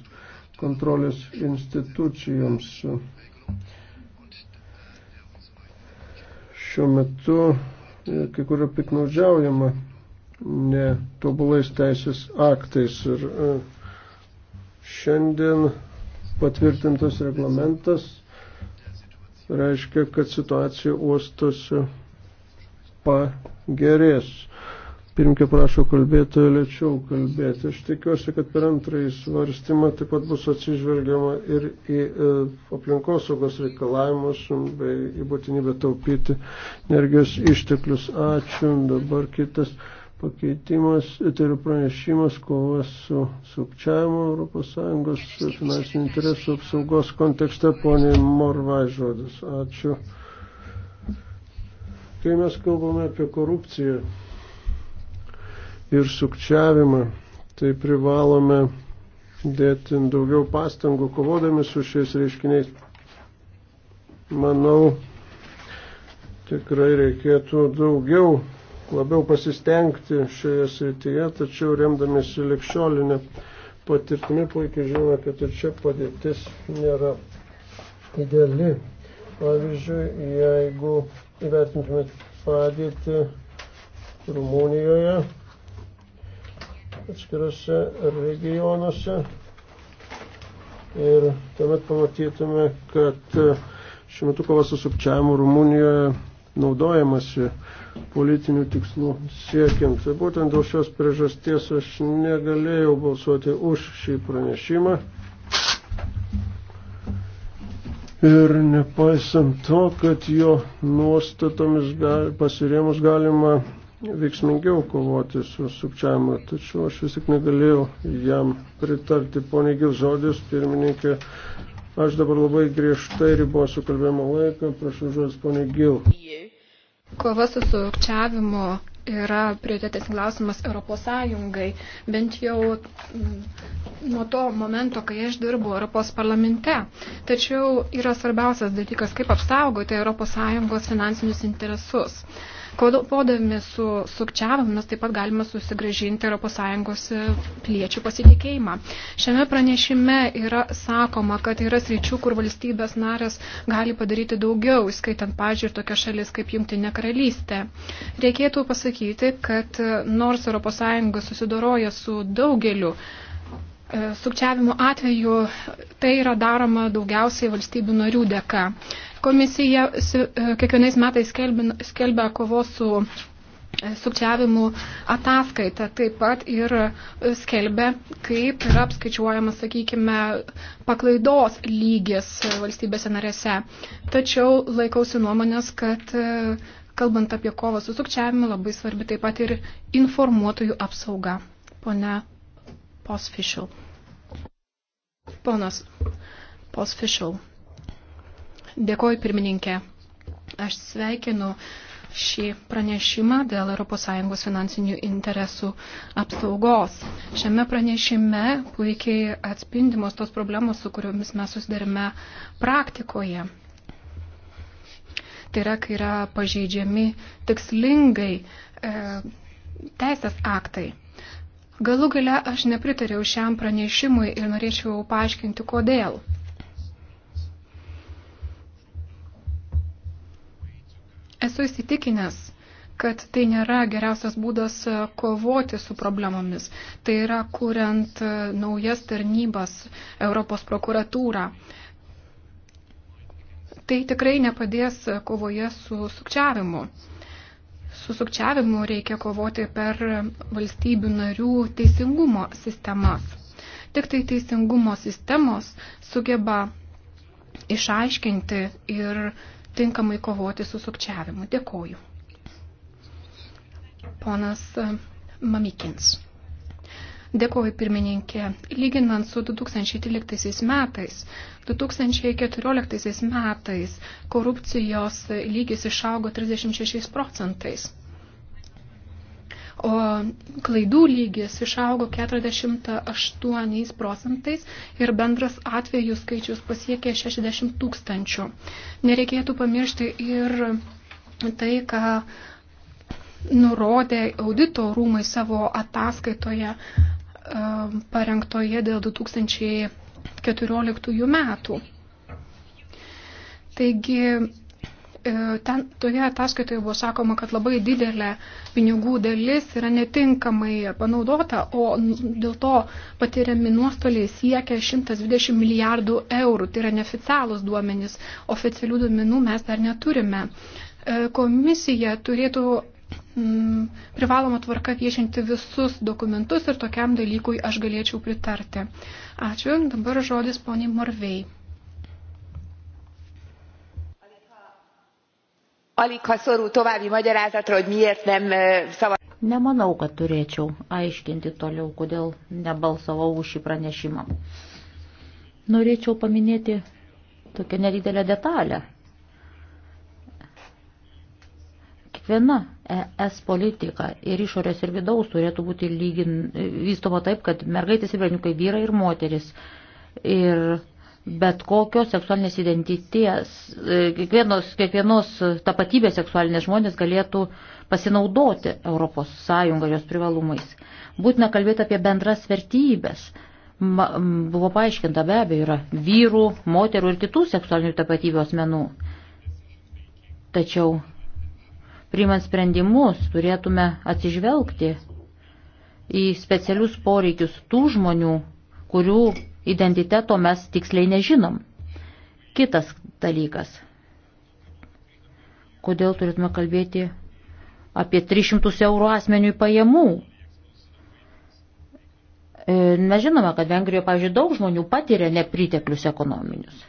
kontrolės institucijoms. Šiuo metu e, kai kur yra piknaudžiaujama netobulais teisės aktais ir e, šiandien patvirtintas reglamentas reiškia, kad situacija uostose pagerės. Pirmkė prašo kalbėtojo lėčiau kalbėti. Aš tikiuosi, kad per antrąjį svarstymą taip pat bus atsižvelgiama ir į e, aplinkosaugos reikalavimus bei į būtinybę taupyti energijos išteklius. Ačiū. Dabar kitas pakeitimas, tai yra pranešimas kovas su sukčiavimu ES finansinių interesų apsaugos kontekste, poniai Morvai žodis. Ačiū. Kai mes kalbame apie korupciją, ir sukčiavimą. Tai privalome dėti daugiau pastangų kovodami su šiais reiškiniais. Manau, tikrai reikėtų daugiau, labiau pasistengti šioje srityje, tačiau remdamėsi likščiolinę patirtimi puikiai žinome, kad ir čia padėtis nėra ideali. Pavyzdžiui, jeigu įvertintumėt padėtį Rumunijoje, atskirose regionuose. Ir tuomet pamatytume, kad e, šiuo metu kova su sukčiavimu Rumunijoje naudojamasi politinių tikslų siekiant. Tai būtent dėl šios priežasties aš negalėjau balsuoti už šį pranešimą. Ir nepaisant to, kad jo nuostatomis gal, pasirėmus galima veiksmingiau kovoti su sukčiavimu, tačiau aš vis tik negalėjau jam pritarti. Pone Gil žodis, pirmininkė, aš dabar labai griežtai ribosiu kalbėjimo laiką, prašau žodis, pone Gil. Kova su sukčiavimu yra prioritetas klausimas Europos Sąjungai, bent jau mm, nuo to momento, kai aš dirbu Europos parlamente. Tačiau yra svarbiausias dalykas, kaip apsaugoti Europos Sąjungos finansinius interesus. Kovodami su sukčiavimu mes taip pat galime susigražinti ES e, piliečių pasitikėjimą. Šiame pranešime yra sakoma, kad yra sričių, kur valstybės narės gali padaryti daugiau, skaitant, pažiūrėjau, tokia šalis kaip Jungtinė karalystė. Reikėtų pasakyti, kad e, nors ES susidoroja su daugeliu e, sukčiavimo atveju, tai yra daroma daugiausiai valstybių narių dėka. Komisija e, kiekvienais metais skelbia kovos su e, sukčiavimų ataskaitą taip pat ir e, skelbia, kaip yra apskaičiuojamas, sakykime, paklaidos lygis valstybėse narėse. Tačiau laikausi nuomonės, kad kalbant apie kovą su sukčiavimu, labai svarbi taip pat ir informuotojų apsauga. Pone Posfišil. Ponas Posfišil. Dėkoju pirmininkė. Aš sveikinu šį pranešimą dėl ES finansinių interesų apsaugos. Šiame pranešime puikiai atspindimos tos problemos, su kuriomis mes susidarime praktikoje. Tai yra, kai yra pažeidžiami tikslingai e, teisės aktai. Galų gale aš nepritariau šiam pranešimui ir norėčiau paaiškinti, kodėl. Esu įsitikinęs, kad tai nėra geriausias būdas e, kovoti su problemomis. Tai yra kuriant e, naujas tarnybas Europos prokuratūrą. Tai tikrai nepadės e, kovoje su sukčiavimu. Su sukčiavimu reikia kovoti per valstybių narių teisingumo sistemas. Tik tai teisingumo sistemos sugeba išaiškinti ir tinkamai kovoti su sukčiavimu. Dėkoju. Ponas e, Mamikins. Dėkoju pirmininkė. Lyginant su 2013 metais, 2014 metais korupcijos lygis išaugo 36 procentais o klaidų lygis išaugo 48 procentais ir bendras atvejų skaičius pasiekė 60 tūkstančių. Nereikėtų pamiršti ir tai, ką nurodė audito rūmai savo ataskaitoje e, parengtoje dėl 2014 metų. Taigi E, ten toje ataskaitoje buvo sakoma, kad labai didelė pinigų dalis yra netinkamai panaudota, o dėl to patiriami nuostoliai siekia 120 milijardų eurų. Tai yra neoficialūs duomenys, oficialių duomenų mes dar neturime. E, komisija turėtų privaloma tvarka viešinti visus dokumentus ir tokiam dalykui aš galėčiau pritarti. Ačiū. Dabar žodis poniai Morvei. aligha szorul további magyarázatra, hogy miért nem szavaz. Nemanau, kad turėčiau aiškinti toliau, kodėl nebalsavau už šį pranešimą. Norėčiau paminėti tokią nedidelę detalę. Kiekviena ES politika ir išorės ir vidaus turėtų būti lygin, vystoma taip, kad mergaitės ir berniukai vyrai ir moteris. Ir bet kokios seksualinės identities, e, kiekvienos, kiekvienos tapatybės seksualinės žmonės galėtų pasinaudoti ES jos privalumais. Būtina kalbėti apie bendras vertybės. Ma, buvo paaiškinta be abejo, yra vyrų, moterų ir kitų seksualinių tapatybių asmenų. Tačiau, priimant sprendimus, turėtume atsižvelgti į specialius poreikius tų žmonių, kurių identiteto mes tiksliai nežinom. Kitas dalykas. Kodėl turėtume kalbėti apie 300 eurų asmeniui pajamų? E, mes žinome, kad Vengrijoje, pavyzdžiui, daug žmonių patiria nepriteklius ekonominius.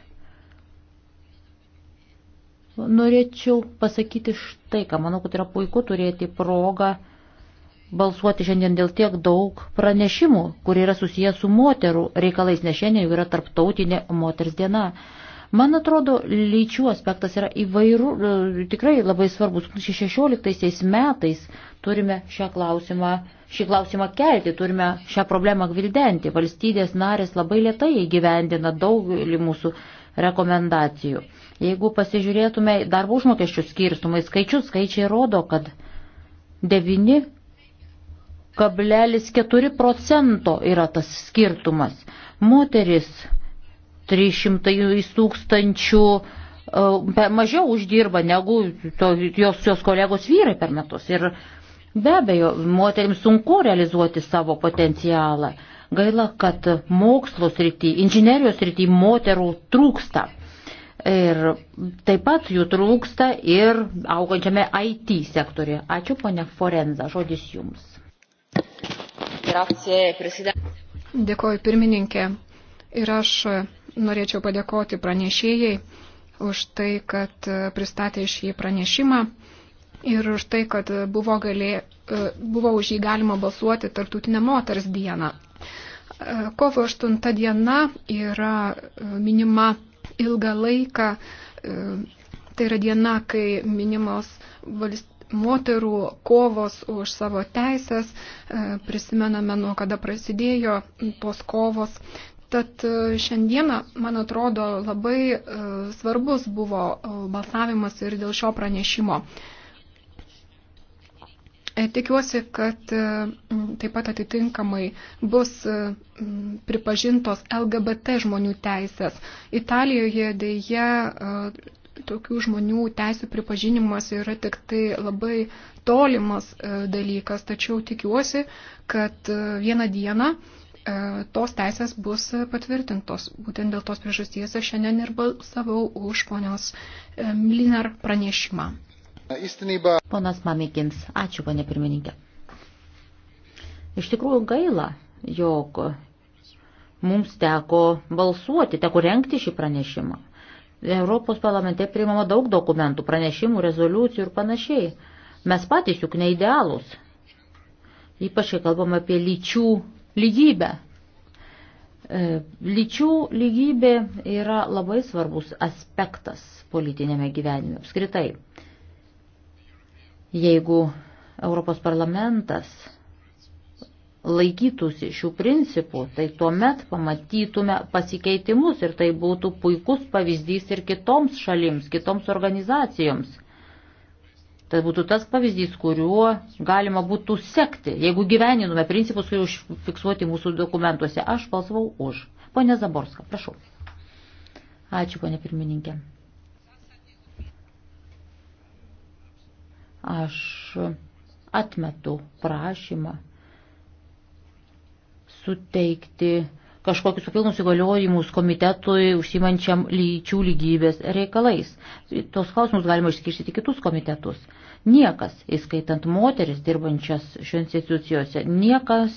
Norėčiau pasakyti štai, ką manau, kad yra puiku turėti progą balsuoti šiandien dėl tiek daug pranešimų, kurie yra susijęs su moterų reikalais, nes šiandien jau yra tarptautinė moters diena. Man atrodo, lyčių aspektas yra įvairių, e, tikrai labai svarbus. 2016 metais turime šią klausimą, šį klausimą kelti, turime šią problemą gvildenti. Valstybės narės labai lietai įgyvendina daugelį mūsų rekomendacijų. Jeigu pasižiūrėtume darbo užmokesčių skirstumai skaičius, skaičiai rodo, kad 9 0,4 procento yra tas skirtumas. Moteris 300 tūkstančių e, mažiau uždirba negu to, jos, jos kolegos vyrai per metus. Ir be abejo, moteriams sunku realizuoti savo potencialą. Gaila, kad mokslo srity, inžinerijos srity moterų trūksta. Ir taip pat jų trūksta ir augančiame IT sektorėje. Ačiū, ponia Forenza, žodis jums. Dėkoju pirmininkė ir aš norėčiau padėkoti pranešėjai už tai, kad pristatė šį pranešimą ir už tai, kad buvo, galė, buvo už jį galima balsuoti Tartutinę moters dieną. Kovo 8 diena yra minima ilgą laiką, tai yra diena, kai minimos valstybės moterų kovos už savo teisės, e, prisimename nuo kada prasidėjo tos kovos. Tad e, šiandieną, man atrodo, labai e, svarbus buvo balsavimas ir dėl šio pranešimo. Tikiuosi, kad taip pat atitinkamai bus pripažintos LGBT žmonių teisės. Italijoje dėje tokių žmonių teisų pripažinimas yra tik tai labai tolimas e, dalykas, tačiau tikiuosi, kad e, vieną dieną e, tos teisės bus patvirtintos. Būtent dėl tos priežasties aš šiandien ir balsavau už ponios Mlinar pranešimą. Ponas Mamikins, ačiū, ponė pirmininkė. Iš tikrųjų gaila, jog mums teko balsuoti, teko renkti šį pranešimą. Europos parlamente priimama daug dokumentų, pranešimų, rezoliucijų ir panašiai. Mes patys juk neidealūs. Ypač, kai kalbam apie lyčių lygybę. E, lyčių lygybė yra labai svarbus aspektas politinėme gyvenime apskritai. Jeigu Europos parlamentas laikytųsi šių principų, tai tuomet pamatytume pasikeitimus ir tai būtų puikus pavyzdys ir kitoms šalims, kitoms organizacijoms. Tai būtų tas pavyzdys, kuriuo galima būtų sekti, jeigu gyveninume principus, kurie užfiksuoti mūsų dokumentuose. Aš balsavau už. Pone Zaborska, prašau. Ačiū, ponė pirmininkė. Aš atmetu prašymą suteikti kažkokius papildomus įgaliojimus komitetui užsimančiam lyčių lygybės reikalais. Tos klausimus galima išskirstyti kitus komitetus. Niekas, įskaitant moteris dirbančias šio institucijose, niekas,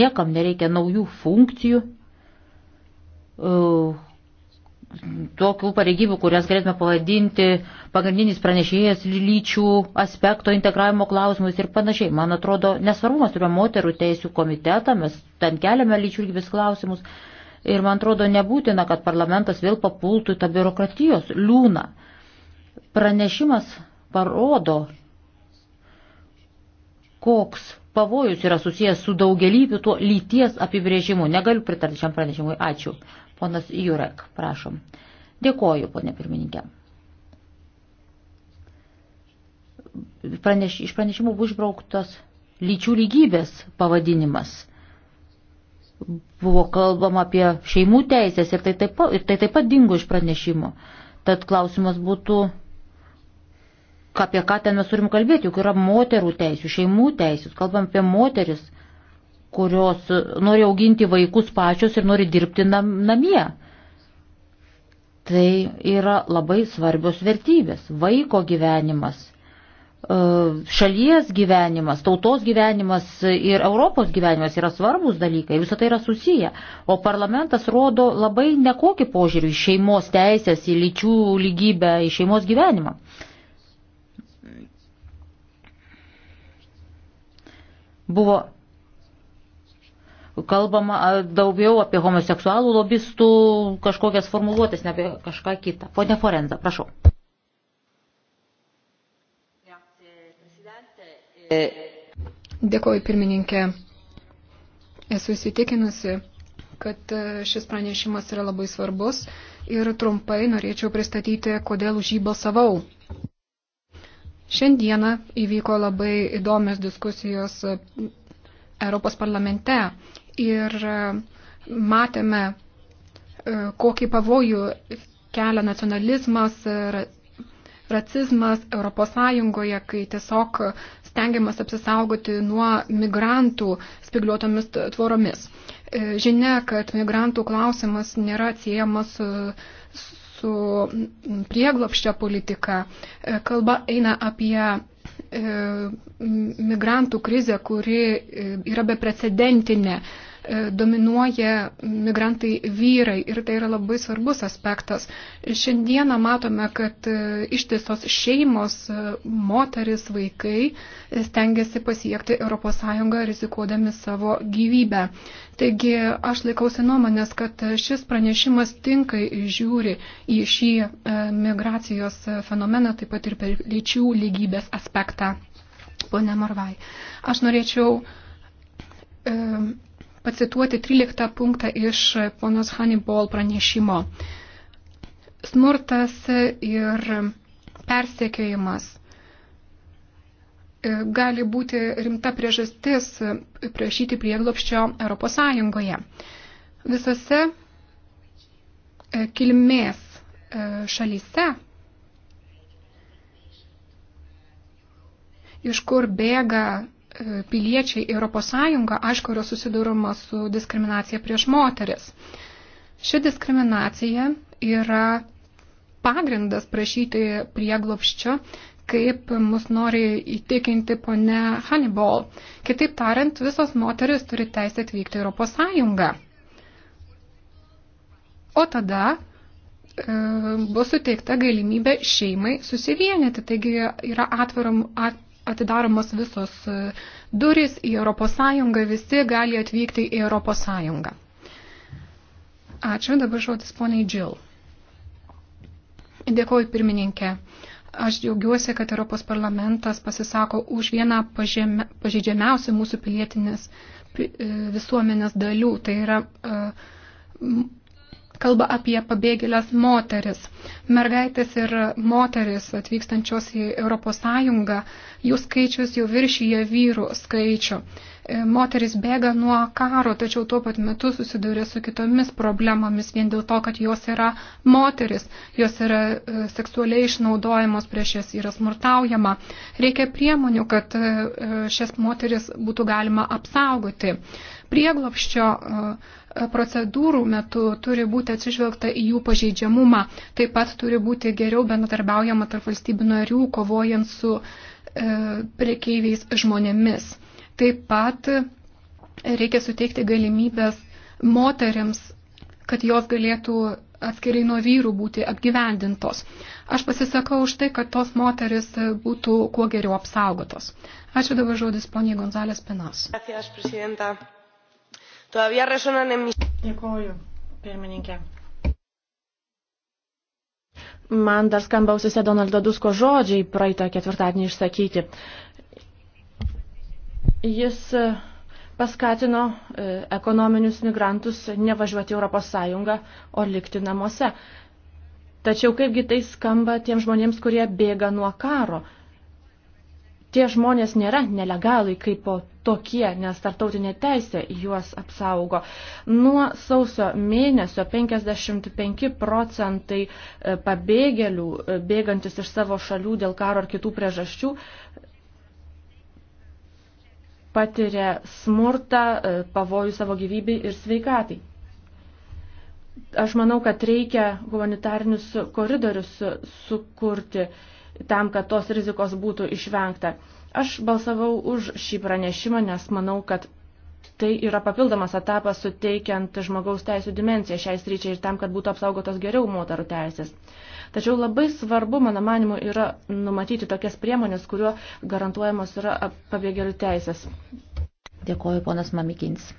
niekam nereikia naujų funkcijų, uh, tokių pareigybių, kurias galėtume pavadinti pagrindinis pranešėjas lyčių aspekto integravimo klausimus ir panašiai. Man atrodo, nesvarbu, mes turime moterų teisų komitetą, mes ten keliame lyčių lygybės klausimus ir man atrodo nebūtina, kad parlamentas vėl papultų į tą biurokratijos liūną. Pranešimas parodo, koks pavojus yra susijęs su daugelybiu tuo lyties apibrėžimu. Negaliu pritarti šiam pranešimui. Ačiū. Ponas Jurek, prašom. Dėkoju, ponė pirmininkė. Praneš, iš pranešimų buvo išbrauktas lyčių lygybės pavadinimas buvo kalbama apie šeimų teisės ir tai taip, ir tai taip pat dingo iš pranešimo. Tad klausimas būtų, apie ką ten mes turim kalbėti, juk yra moterų teisų, šeimų teisų, kalbam apie moteris, kurios e, nori auginti vaikus pačios ir nori dirbti nam, namie. Tai yra labai svarbios vertybės - vaiko gyvenimas, e, šalies gyvenimas, tautos gyvenimas ir Europos gyvenimas yra svarbus dalykai, visą tai yra susiję. O parlamentas rodo labai nekokį požiūrį į šeimos teisės, į lyčių lygybę, į šeimos gyvenimą. Buvo kalbama daugiau apie homoseksualų lobistų kažkokias formuluotės, ne apie kažką kitą. Pone Forenza, prašau. Dėkoju, pirmininkė. Esu įsitikinusi, kad e, šis pranešimas yra labai svarbus ir trumpai norėčiau pristatyti, kodėl už jį balsavau. Šiandieną įvyko labai įdomios diskusijos e, Europos parlamente ir e, matėme, e, kokį pavojų kelia nacionalizmas, e, racizmas Europos Sąjungoje, kai tiesiog stengiamas apsisaugoti nuo migrantų spigliuotomis tvoromis. Žinia, kad migrantų klausimas nėra atsiejamas su, su prieglopščia politika. Kalba eina apie E, migrantų krizę, kuri e, yra beprecedentinė. E, dominuoja migrantai vyrai ir tai yra labai svarbus aspektas. Šiandieną matome, kad e, ištisos šeimos, e, moteris, vaikai stengiasi pasiekti ES rizikuodami savo gyvybę. Taigi aš laikausi nuomonės, kad šis pranešimas tinkai žiūri į šį migracijos fenomeną, taip pat ir per lyčių lygybės aspektą. Pone Marvai, aš norėčiau e, pacituoti 13 punktą iš ponios Hannibal pranešimo. Smurtas ir persiekėjimas e, gali būti rimta priežastis prašyti prieglopščio Europos Sąjungoje. Visose e, kilmės e, šalyse, iš kur bėga piliečiai Europos Sąjunga, aišku, yra susidūrama su diskriminacija prieš moteris. Ši diskriminacija yra pagrindas prašyti prieglopščio, kaip mus nori įtikinti pone Hannibal. Kitaip tariant, visos moteris turi teisę atvykti Europos Sąjungą. O tada e, bus suteikta galimybė šeimai susivienyti. Taigi yra atviram, at, atidaromos visos e, durys į ES, visi gali atvykti į ES. Ačiū, dabar žodis poniai Džil. Dėkuoju pirmininkė. Aš džiaugiuosi, kad Europos parlamentas pasisako už vieną pažėme, pažeidžiamiausių mūsų pilietinės e, visuomenės dalių, tai yra e, kalba apie pabėgėlės moteris. Mergaitės ir moteris atvykstančios į ES, jų skaičius jau viršyje vyrų skaičių. E, moteris bėga nuo karo, tačiau tuo pat metu susiduria su kitomis problemomis vien dėl to, kad jos yra moteris, jos yra e, seksualiai išnaudojamos prieš jas yra smurtaujama. Reikia priemonių, kad e, šias moteris būtų galima apsaugoti. Prieglopščio uh, procedūrų metu turi būti atsižvelgta į jų pažeidžiamumą. Taip pat turi būti geriau bendradarbiaujama tarp valstybių narių, kovojant su e, prekeiviais žmonėmis. Taip pat e, reikia suteikti galimybės moteriams, kad jos galėtų atskirai nuo vyrų būti apgyvendintos. Aš pasisakau už tai, kad tos moteris būtų kuo geriau apsaugotos. Ačiū dabar žodis poniai Gonzalės Pinas. Gracias, Todavía resonan en mis... Dėkoju, pirmininkė. Man dar skambausise Donaldo Dusko žodžiai praeitą ketvirtadienį išsakyti. Jis e, paskatino e, ekonominius migrantus nevažiuoti Europos Sąjungą, o likti namuose. Tačiau kaipgi tai skamba tiem žmonėms, kurie bėga nuo karo, Tie žmonės nėra nelegalai kaip po tokie, nes tartautinė teisė juos apsaugo. Nuo sausio mėnesio 55 procentai e, pabėgėlių, e, bėgantis iš savo šalių dėl karo ar kitų priežasčių, patiria smurtą, e, pavojų savo gyvybei ir sveikatai aš manau, kad reikia humanitarinius koridorius sukurti. Su tam, kad tos rizikos būtų išvengta. Aš balsavau už šį pranešimą, nes manau, kad tai yra papildomas etapas suteikiant žmogaus teisų dimenciją šiai sryčiai ir tam, kad būtų apsaugotos geriau moterų teisės. Tačiau labai svarbu, mano manimu, yra numatyti tokias priemonės, kuriuo garantuojamos yra pabėgėlių teisės. Dėkoju, ponas Mamikins.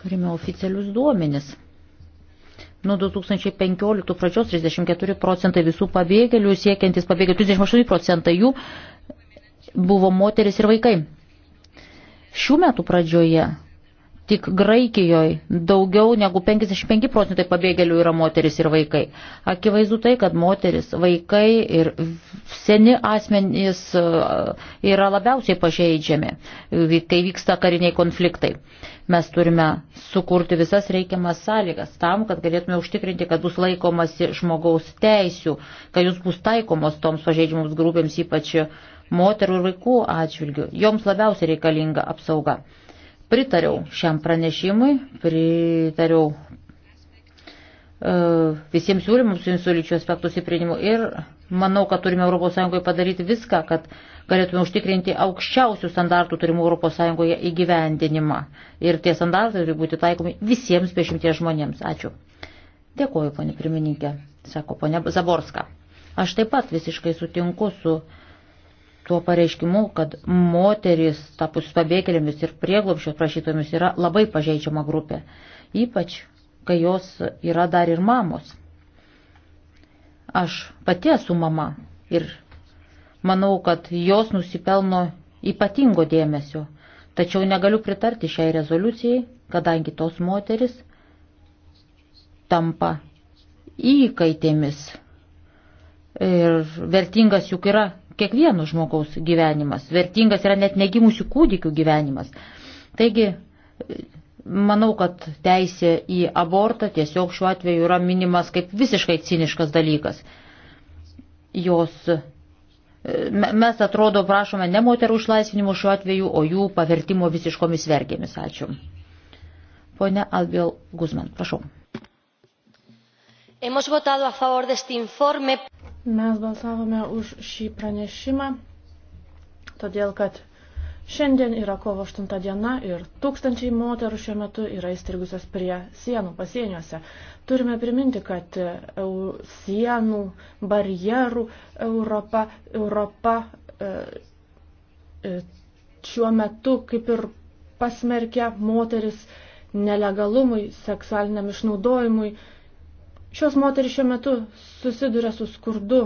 Turime oficialius duomenis Nuo 2015 pradžios 34 procentai visų pabėgėlių, siekiantis pabėgėlių, 38 procentai jų buvo moteris ir vaikai. Šių metų pradžioje Tik Graikijoje daugiau negu 55 procentai pabėgėlių yra moteris ir vaikai. Akivaizdu tai, kad moteris, vaikai ir seni asmenys e, yra labiausiai pažeidžiami, e, kai vyksta kariniai konfliktai. Mes turime sukurti visas reikiamas sąlygas tam, kad galėtume užtikrinti, kad bus laikomasi žmogaus teisių, kad jūs bus taikomos toms pažeidžiamoms grupėms, ypač moterų ir vaikų atžvilgių. Joms labiausiai reikalinga apsauga pritariau šiam pranešimui, pritariau e, visiems siūlymams su lyčių aspektų stiprinimu ir manau, kad turime ES padaryti viską, kad galėtume užtikrinti aukščiausių standartų turimų ES įgyvendinimą. Ir tie standartai turi būti taikomi visiems be šimties žmonėms. Ačiū. Dėkuoju, ponė pirmininkė, sako ponė Zaborska. Aš taip pat visiškai sutinku su tuo pareiškimu, kad moteris tapus pabėgėlėmis ir prieglobšio prašytomis yra labai pažeidžiama grupė, ypač kai jos yra dar ir mamos. Aš pati esu mama ir manau, kad jos nusipelno ypatingo dėmesio, tačiau negaliu pritarti šiai rezoliucijai, kadangi tos moteris tampa įkaitėmis. Ir vertingas juk yra kiekvieno žmogaus gyvenimas, vertingas yra net negimusių kūdikių gyvenimas. Taigi, manau, kad teisė į abortą tiesiog šiuo atveju yra minimas kaip visiškai ciniškas dalykas. Jos, e, mes atrodo prašome ne moterų išlaisvinimo šiuo atveju, o jų pavertimo visiškomis vergėmis. Ačiū. Pone Albiol Guzman, prašau. Hemos votado a favor de este informe. Mes balsavome už šį pranešimą, todėl kad šiandien yra kovo 8 diena ir tūkstančiai moterų šiuo metu yra įstrigusios prie sienų pasieniuose. Turime priminti, kad sienų, barjerų Europa, Europa e, e, šiuo metu kaip ir pasmerkia moteris nelegalumui, seksualiniam išnaudojimui, Šios moteris šiuo metu susiduria su skurdu,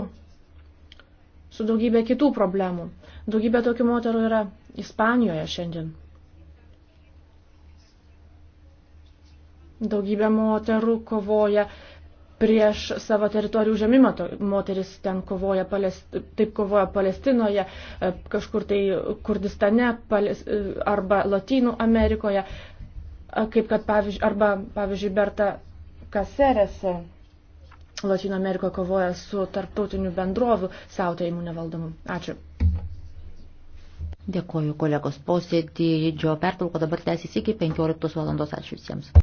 su daugybė kitų problemų. Daugybė tokių moterų yra Ispanijoje šiandien. Daugybė moterų kovoja prieš savo teritorijų žemimą. Moteris ten kovoja, taip kovoja Palestinoje, e, kažkur tai Kurdistane e, arba Latinų Amerikoje, kaip kad pavyzdžiui, arba pavyzdžiui Berta Kaserėse. Latino Amerikoje kovoja su tarptautiniu bendrovių siautėjimu nevaldomu. Ačiū. Dėkoju kolegos posėdį, didžio pertrauko dabar tęsis iki 15 valandos. Ačiū visiems.